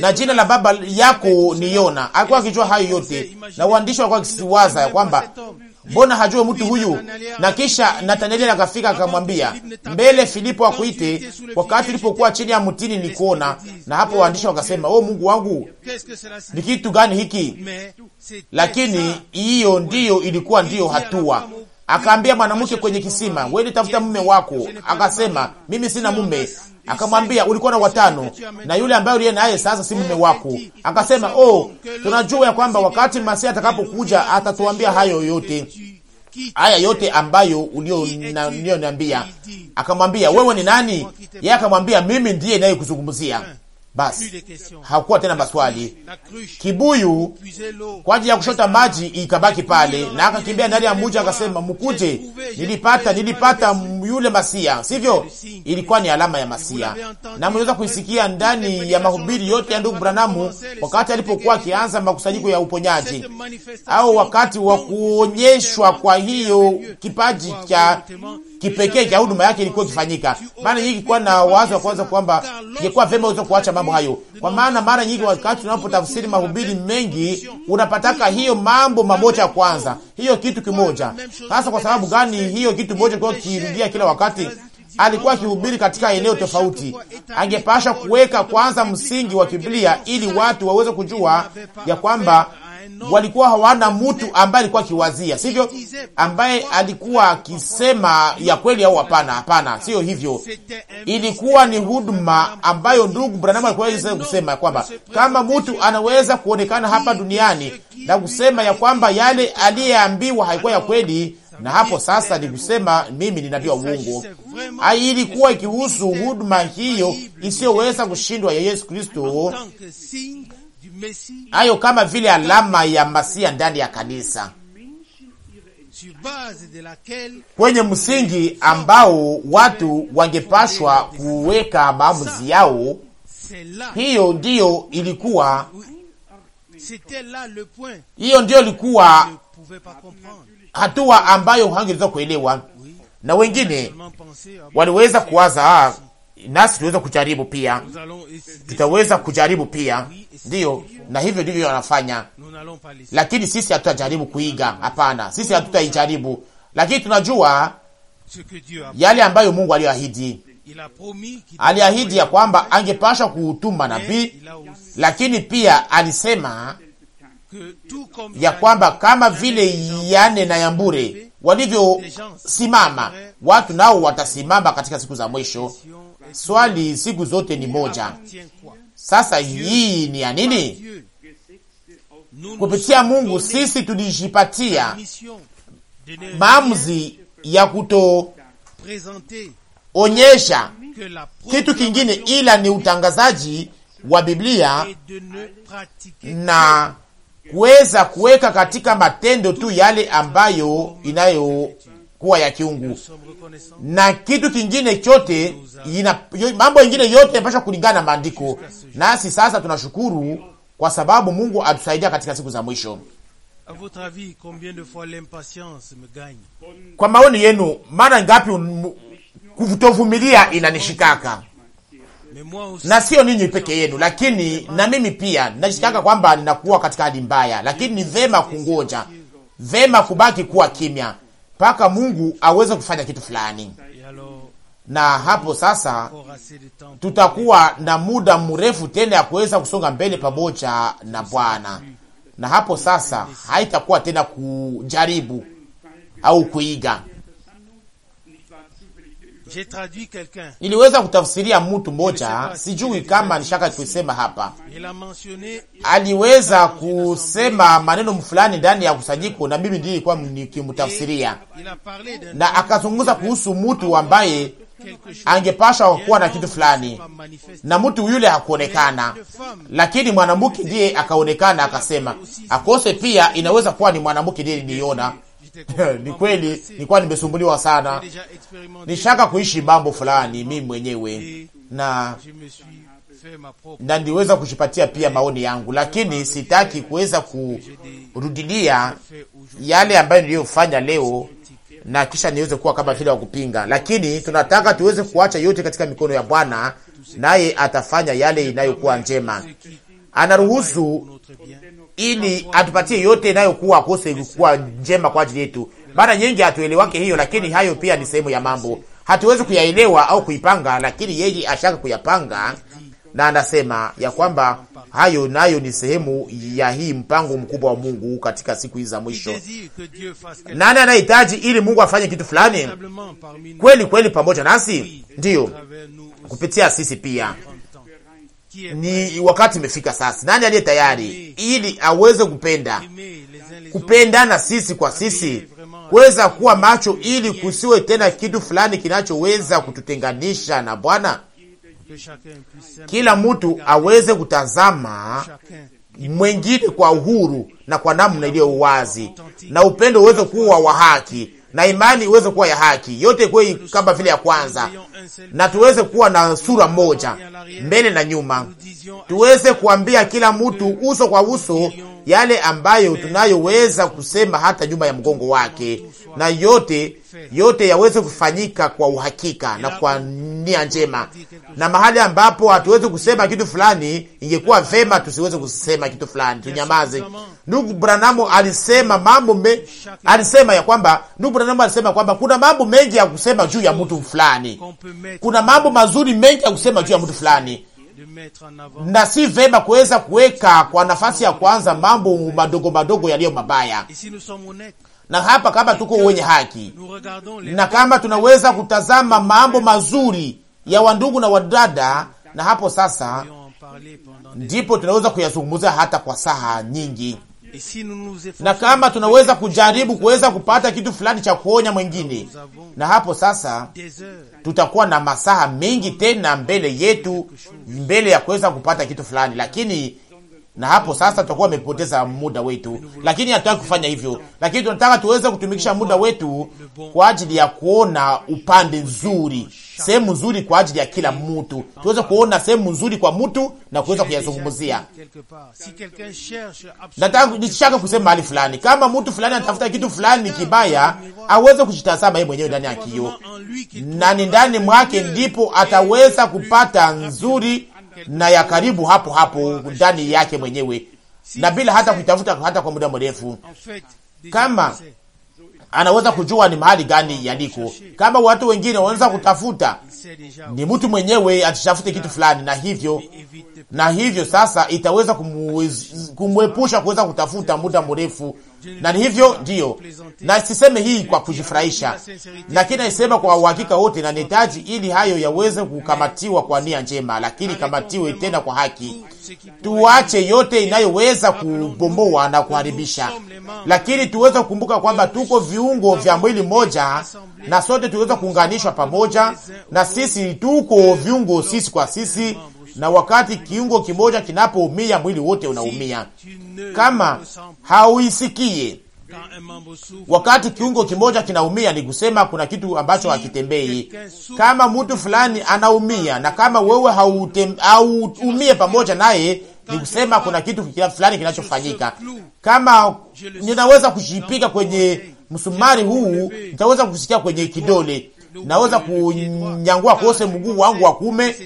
na jina la baba yako ni Yona. Alikuwa akijua hayo yote, na uandishi walikuwa akisiwaza ya kwamba mbona hajue mtu huyu? Na kisha Nathanaeli akafika akamwambia, mbele Filipo akuite, wakati ulipokuwa chini ya mtini nikuona. Na hapo waandishi wakasema, o oh, Mungu wangu, ni kitu gani hiki? Lakini hiyo ndiyo ilikuwa ndiyo hatua akaambia mwanamke kwenye kisima, wewe nitafuta mume wako. Akasema mimi sina mume. Akamwambia ulikuwa na watano, na yule ambaye uliye naye sasa si mume eh, wako. Eh, eh, Akasema oh, tunajua ya kwamba wakati Masia atakapokuja atatuambia hayo yote haya yote ambayo uliyoniambia. Akamwambia wewe ni nani? Yeye akamwambia mimi ndiye ninayekuzungumzia basi hakuwa tena maswali. Kibuyu kwa ajili ya kushota maji ikabaki pale, na akakimbia ndani ya mji akasema, mkuje, nilipata nilipata yule Masia, sivyo? Ilikuwa ni alama ya Masia, na mliweza kuisikia ndani ya mahubiri yote ya ndugu Branamu wakati alipokuwa akianza makusanyiko ya uponyaji au wakati wa kuonyeshwa kwa hiyo kipaji cha kipekee cha huduma yake ilikuwa ikifanyika. Maana nyingi kuwa na wazo wa kwanza kwamba ingekuwa vema uweze kuacha mambo hayo, kwa maana mara nyingi wakati unapotafsiri mahubiri mengi unapataka hiyo mambo mamoja kwanza, hiyo kitu kimoja. Sasa kwa sababu gani hiyo kitu moja kwa kirudia kila wakati? Alikuwa akihubiri katika eneo tofauti, angepasha kuweka kwanza msingi wa Biblia ili watu waweze kujua ya kwamba walikuwa hawana mtu ambaye alikuwa akiwazia, sivyo? Ambaye alikuwa akisema ya kweli au hapana. Hapana, sio hivyo. Ilikuwa ni huduma ambayo ndugu Branham alikuwa kusema kwamba kama mtu anaweza kuonekana hapa duniani na kusema ya kwamba yale aliyeambiwa haikuwa ya kweli na hapo sasa ni kusema mimi ni nabii wa uongo. Ilikuwa ikihusu huduma hiyo isiyoweza kushindwa ya Yesu Kristo hayo kama vile alama ya masia ndani ya kanisa kwenye msingi ambao watu wangepashwa kuweka maamuzi yao. Hiyo ndiyo ilikuwa, hiyo ndiyo ilikuwa hatua ambayo hangeweza kuelewa, na wengine waliweza kuwaza ah, nasi tuweza kujaribu pia, tutaweza kujaribu pia, ndiyo. Na hivyo ndivyo wanafanya, lakini sisi hatutajaribu kuiga. Hapana, sisi hatutaijaribu, lakini tunajua yale ambayo Mungu aliyoahidi. Aliahidi ya kwamba angepasha kuutuma nabii, lakini pia alisema ya kwamba kama vile Yane na Yambure walivyosimama, watu nao watasimama katika siku za mwisho swali siku zote ni moja. Sasa hii ni ya nini? Kupitia Mungu sisi tulijipatia maamuzi ya kutoonyesha kitu kingine ila ni utangazaji wa Biblia na kuweza kuweka katika matendo tu yale ambayo inayo kuwa ya kiungu, na kitu kingine chote ina, mambo ingine yote yanapaswa kulingana na maandiko. Nasi sasa tunashukuru kwa sababu Mungu atusaidia katika siku za mwisho. Kwa maoni yenu, mara ngapi kutovumilia inanishikaka? Na sio ninyi peke yenu, lakini na mimi pia nashikaka mm. kwamba ninakuwa katika hali mbaya, lakini ni vema kungoja, vema kubaki kuwa kimya mpaka Mungu aweze kufanya kitu fulani, na hapo sasa tutakuwa na muda mrefu tena ya kuweza kusonga mbele pamoja na Bwana, na hapo sasa haitakuwa tena kujaribu au kuiga niliweza kutafsiria mtu mmoja, sijui kama nishaka kusema hapa, aliweza kusema maneno fulani ndani ya kusanyiko, na mimi ndiye kwa nikimtafsiria, na akazungumza kuhusu mtu ambaye angepashwa kuwa na kitu fulani, na mtu yule hakuonekana, lakini mwanamke ndiye akaonekana, akasema akose. Pia inaweza kuwa ni mwanamke ndiye niliona ni kweli, nilikuwa nimesumbuliwa sana, nishaka kuishi mambo fulani mimi mwenyewe na na niliweza kujipatia pia maoni yangu, lakini sitaki kuweza kurudilia yale ambayo niliyofanya leo na kisha niweze kuwa kama vile wa kupinga, lakini tunataka tuweze kuacha yote katika mikono ya Bwana, naye atafanya yale inayokuwa njema. Anaruhusu ili atupatie yote inayokuwa kose kuwa njema kwa ajili yetu. Mara nyingi hatuelewake hiyo, lakini hayo pia ni sehemu ya mambo. Hatuwezi kuyaelewa au kuipanga, lakini yeye ashaka kuyapanga, na anasema ya kwamba hayo nayo ni sehemu ya hii mpango mkubwa wa Mungu katika siku hizi za mwisho. Nani anahitaji ili Mungu afanye kitu fulani kweli kweli pamoja nasi? Ndiyo, kupitia sisi pia ni wakati imefika sasa. Nani aliye tayari ili aweze kupenda kupendana sisi kwa sisi, kuweza kuwa macho ili kusiwe tena kitu fulani kinachoweza kututenganisha na Bwana? Kila mtu aweze kutazama mwengine kwa uhuru na kwa namna iliyo wazi, na upendo uweze kuwa wa haki na imani iweze kuwa ya haki, yote kwei kama vile ya kwanza, na tuweze kuwa na sura moja mbele na nyuma, tuweze kuambia kila mtu uso kwa uso yale ambayo tunayoweza kusema hata nyuma ya mgongo wake, na yote yote yaweze kufanyika kwa uhakika na kwa nia njema. Na mahali ambapo hatuwezi kusema kitu fulani, ingekuwa vema tusiweze kusema kitu fulani, tunyamaze. Ndugu Branamu alisema mambo me, alisema ya kwamba ndugu Branamu alisema kwamba kuna mambo mengi ya kusema juu ya mtu fulani, kuna mambo mazuri mengi ya kusema juu ya mtu fulani na si vema kuweza kuweka kwa nafasi ya kwanza mambo madogo madogo yaliyo mabaya na hapa kama tuko wenye haki na kama tunaweza kutazama mambo mazuri ya wandugu na wadada, na hapo sasa ndipo tunaweza kuyazungumza hata kwa saha nyingi, na kama tunaweza kujaribu kuweza kupata kitu fulani cha kuonya mwingine, na hapo sasa tutakuwa na masaha mengi tena mbele yetu, mbele ya kuweza kupata kitu fulani, lakini na hapo sasa tutakuwa tumepoteza muda wetu, lakini hatutaki kufanya hivyo, lakini tunataka tuweze kutumikisha muda wetu kwa ajili ya kuona upande nzuri, sehemu nzuri kwa ajili ya kila mtu, tuweze kuona sehemu nzuri kwa mtu na kuweza kuyazungumzia. Nataka nishaka kusema mahali fulani, kama mtu fulani anatafuta kitu fulani kibaya, aweze kujitazama yeye mwenyewe ndani ya kioo, na ni ndani mwake ndipo ataweza kupata nzuri na ya karibu hapo hapo ndani yake mwenyewe na bila hata kuitafuta hata kwa muda mrefu. Kama anaweza kujua ni mahali gani yaliko, kama watu wengine wanaweza kutafuta, ni mtu mwenyewe atitafute kitu fulani, na hivyo na hivyo sasa itaweza kumwepusha kuweza kutafuta muda mrefu na ni hivyo ndiyo, na siseme hii kwa kujifurahisha, lakini naisema kwa uhakika wote, na nitaji ili hayo yaweze kukamatiwa kwa nia njema, lakini kamatiwe tena kwa haki. Tuache yote inayoweza kubomoa na kuharibisha, lakini tuweze kukumbuka kwamba tuko viungo vya mwili moja na sote tuweza kuunganishwa pamoja, na sisi tuko viungo sisi kwa sisi na wakati kiungo kimoja kinapoumia mwili wote unaumia. Kama hauisikie wakati kiungo kimoja kinaumia, ni kusema kuna kitu ambacho hakitembei. Kama mtu fulani anaumia na kama wewe hauumie pamoja naye, ni kusema kuna kitu fulani kinachofanyika. Kama ninaweza kujipiga kwenye msumari huu, nitaweza kusikia kwenye kidole naweza kunyangua kose mguu wangu wa kume,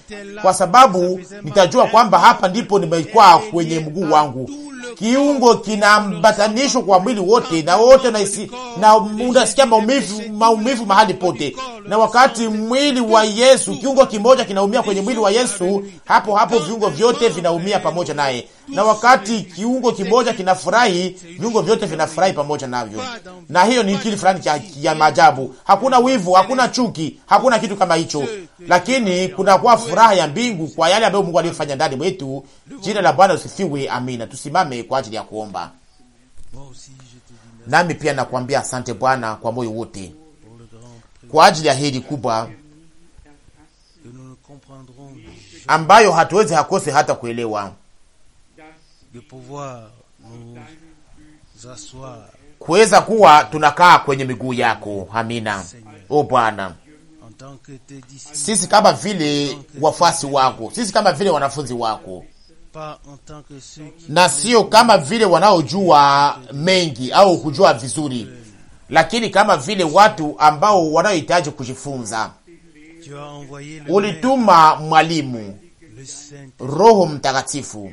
kwa sababu nitajua kwamba hapa ndipo nimekuwa kwenye mguu wangu. Kiungo kinaambatanishwa kwa mwili wote na wote isi, na unasikia maumivu, maumivu mahali pote. Na wakati mwili wa Yesu, kiungo kimoja kinaumia kwenye mwili wa Yesu, hapo hapo viungo vyote vinaumia pamoja naye na wakati kiungo kimoja kinafurahi, viungo vyote vinafurahi pamoja navyo, na hiyo ni kile fulani cha ya maajabu. Hakuna wivu, hakuna chuki, hakuna kitu kama hicho, lakini kunakuwa furaha ya mbingu kwa yale ambayo Mungu aliyofanya ndani mwetu. Jina la Bwana usifiwe, amina. Tusimame kwa ajili ya kuomba. Nami pia nakwambia asante Bwana kwa moyo wote kwa ajili ya hili kubwa ambayo hatuwezi hakose hata kuelewa kuweza kuwa tunakaa kwenye miguu yako. Amina. O Bwana, sisi kama vile wafuasi wako, sisi kama vile wanafunzi wako, na sio kama vile wanaojua mengi au kujua vizuri, lakini kama vile watu ambao wanaohitaji kujifunza. Ulituma mwalimu Roho Mtakatifu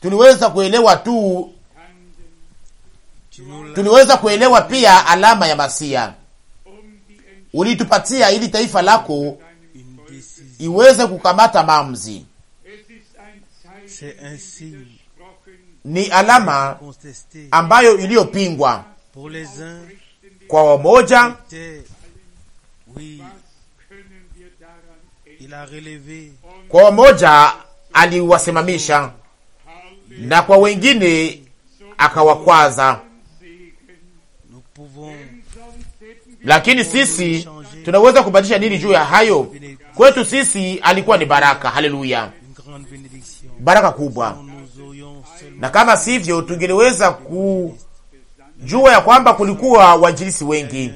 Tuliweza kuelewa tu, tuliweza kuelewa pia alama ya Masia ulitupatia ili taifa lako iweze kukamata maamuzi. Ni alama ambayo iliyopingwa kwa wamoja kwa wamoja aliwasimamisha na kwa wengine akawakwaza, lakini sisi tunaweza kubadilisha nini juu ya hayo? Kwetu sisi alikuwa ni baraka. Haleluya, baraka kubwa. Na kama sivyo, tungeliweza kujua ya kwamba kulikuwa wainjilisi wengi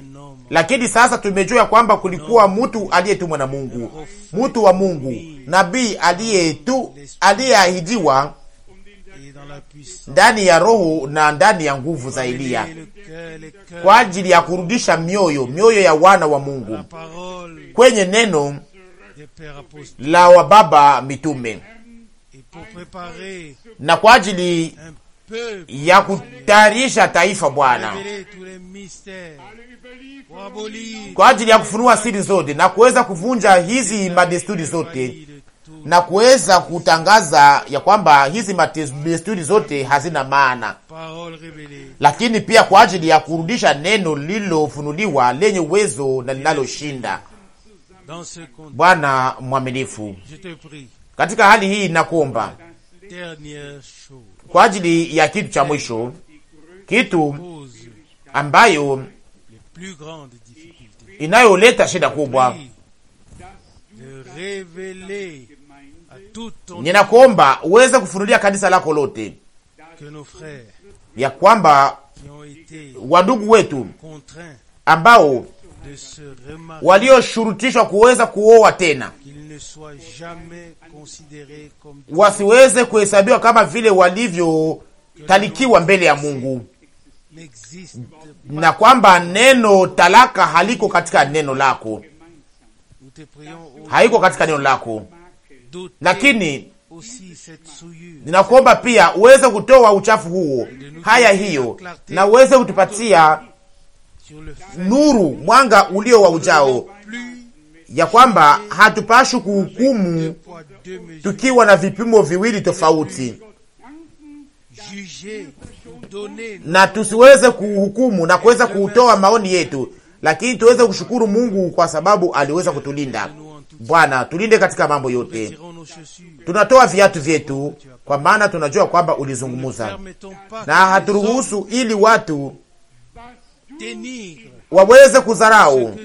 lakini sasa tumejua kwamba kulikuwa mtu aliyetumwa na Mungu, mtu wa Mungu, nabii aliyetu aliyeahidiwa ndani ya Roho na ndani ya nguvu za Eliya kwa ajili ya kurudisha mioyo mioyo ya wana wa Mungu kwenye neno la wababa mitume na kwa ajili ya kutayarisha taifa Bwana kwa ajili ya kufunua siri zote na kuweza kuvunja hizi madesturi zote na kuweza kutangaza ya kwamba hizi madesturi zote hazina maana, lakini pia kwa ajili ya kurudisha neno lililofunuliwa lenye uwezo na linaloshinda. Bwana mwaminifu, katika hali hii nakuomba kwa ajili ya kitu cha mwisho, kitu ambayo inayoleta shida kubwa. Ninakuomba uweze kufunulia kanisa lako lote ya kwamba wandugu wetu ambao walioshurutishwa kuweza kuoa tena wasiweze kuhesabiwa kama vile walivyotalikiwa mbele ya Mungu, na kwamba neno talaka haliko katika neno lako, haiko katika neno lako. Lakini ninakuomba pia uweze kutoa uchafu huo, haya hiyo, na uweze kutupatia nuru, mwanga ulio wa ujao ya kwamba hatupashi kuhukumu tukiwa na vipimo viwili tofauti, na tusiweze kuhukumu na kuweza kutoa maoni yetu, lakini tuweze kushukuru Mungu kwa sababu aliweza kutulinda. Bwana tulinde katika mambo yote. Tunatoa viatu vyetu, kwa maana tunajua kwamba ulizungumza na haturuhusu ili watu waweze kudharau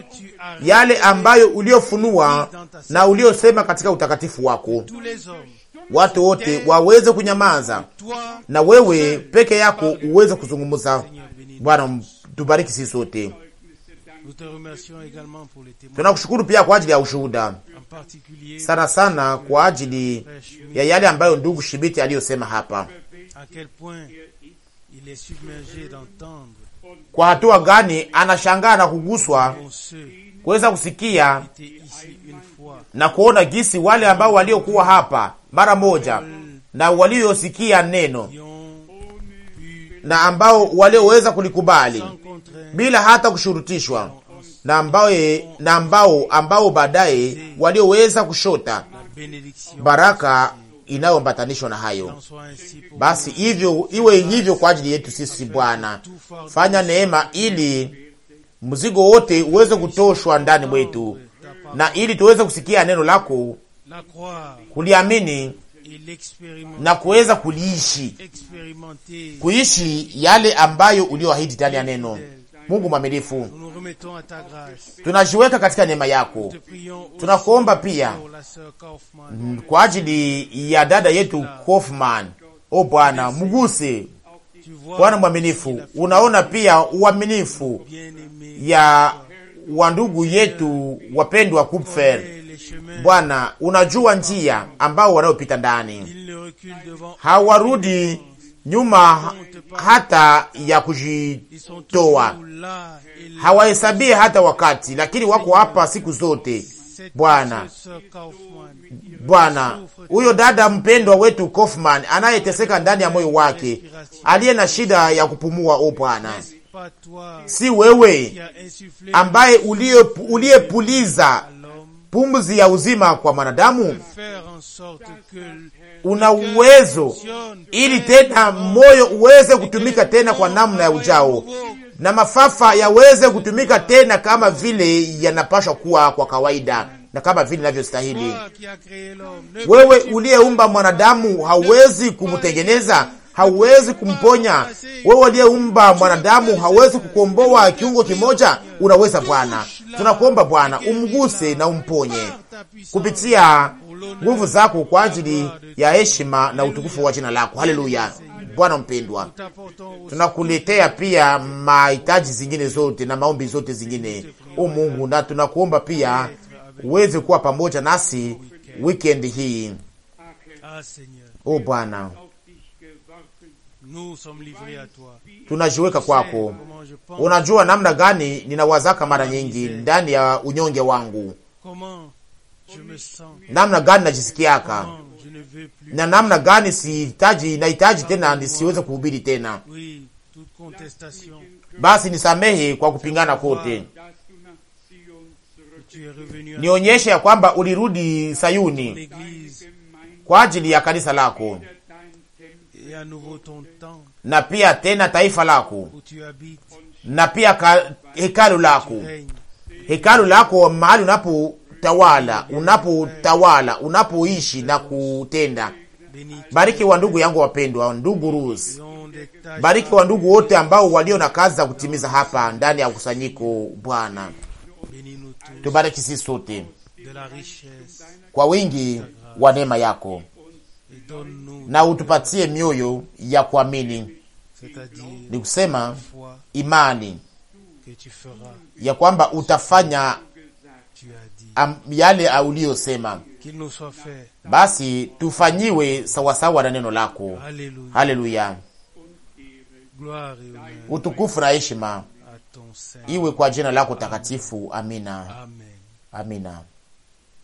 yale ambayo uliofunua na uliosema katika utakatifu wako. Watu wote waweze kunyamaza na wewe peke yako uweze kuzungumza. Bwana, tubariki sisi sote. Tunakushukuru pia kwa ajili ya ushuhuda, sana sana kwa ajili ya yale ambayo ndugu Shibiti aliyosema hapa kwa hatua gani anashangaa na kuguswa kuweza kusikia na kuona gisi wale ambao waliokuwa hapa mara moja na waliosikia neno na ambao walioweza kulikubali bila hata kushurutishwa na ambao, na ambao ambao baadaye walioweza kushota baraka inayoambatanishwa na hayo. Basi hivyo iwe hivyo kwa ajili yetu sisi. Bwana, fanya neema ili mzigo wote uweze kutoshwa ndani mwetu na ili tuweze kusikia neno lako, kuliamini na kuweza kuliishi, kuishi yale ambayo ulioahidi ndani ya neno Mungu mwaminifu, tunajiweka katika neema yako. Tunakuomba pia mm, kwa ajili ya dada yetu Kaufman. O Bwana, mguse Bwana mwaminifu, unaona pia uaminifu ya wandugu yetu wapendwa Kupfer. Bwana, unajua njia ambao wanayopita ndani, hawarudi nyuma hata ya kujitoa, hawahesabie hata wakati, lakini wako hapa siku zote. Bwana, Bwana, huyo dada mpendwa wetu Kaufman anayeteseka ndani ya moyo wake, aliye na shida ya kupumua. O Bwana, si wewe ambaye uliyepuliza pumzi ya uzima kwa mwanadamu una uwezo ili tena moyo uweze kutumika tena kwa namna ya ujao na mafafa yaweze kutumika tena kama vile yanapashwa kuwa kwa kawaida na kama vile inavyostahili. Wewe uliyeumba mwanadamu hauwezi kumtengeneza, hauwezi kumponya. Wewe uliyeumba mwanadamu hauwezi kukomboa kiungo kimoja, unaweza Bwana. Tunakuomba Bwana, umguse na umponye kupitia nguvu zako kwa ajili ya heshima na utukufu wa jina lako. Haleluya. Bwana mpendwa, tunakuletea pia mahitaji zingine zote na maombi zote zingine, o Mungu, na tunakuomba pia uweze kuwa pamoja nasi weekend hii, o Bwana, tunajiweka kwako. Unajua namna gani ninawazaka mara nyingi ndani ya unyonge wangu namna gani najisikiaka na namna gani sihitaji, nahitaji tena nisiweze kuhubiri tena. Basi nisamehe kwa kupingana kote, nionyeshe ya kwamba ulirudi Sayuni kwa ajili ya kanisa lako na pia tena taifa lako na pia hekalu lako, hekalu lako mahali unapo tawala, unapotawala, unapoishi na kutenda. Bariki wa ndugu yangu wapendwa, ndugu Rus, bariki wa ndugu wote ambao walio na kazi za kutimiza hapa ndani ya kusanyiko. Bwana, tubariki sisi sote kwa wingi wa neema yako na utupatie mioyo ya kuamini, ni kusema imani ya kwamba utafanya am, yale uliyosema, basi tufanyiwe sawasawa na neno lako. Haleluya, utukufu na heshima iwe kwa jina lako takatifu. Amina, amina.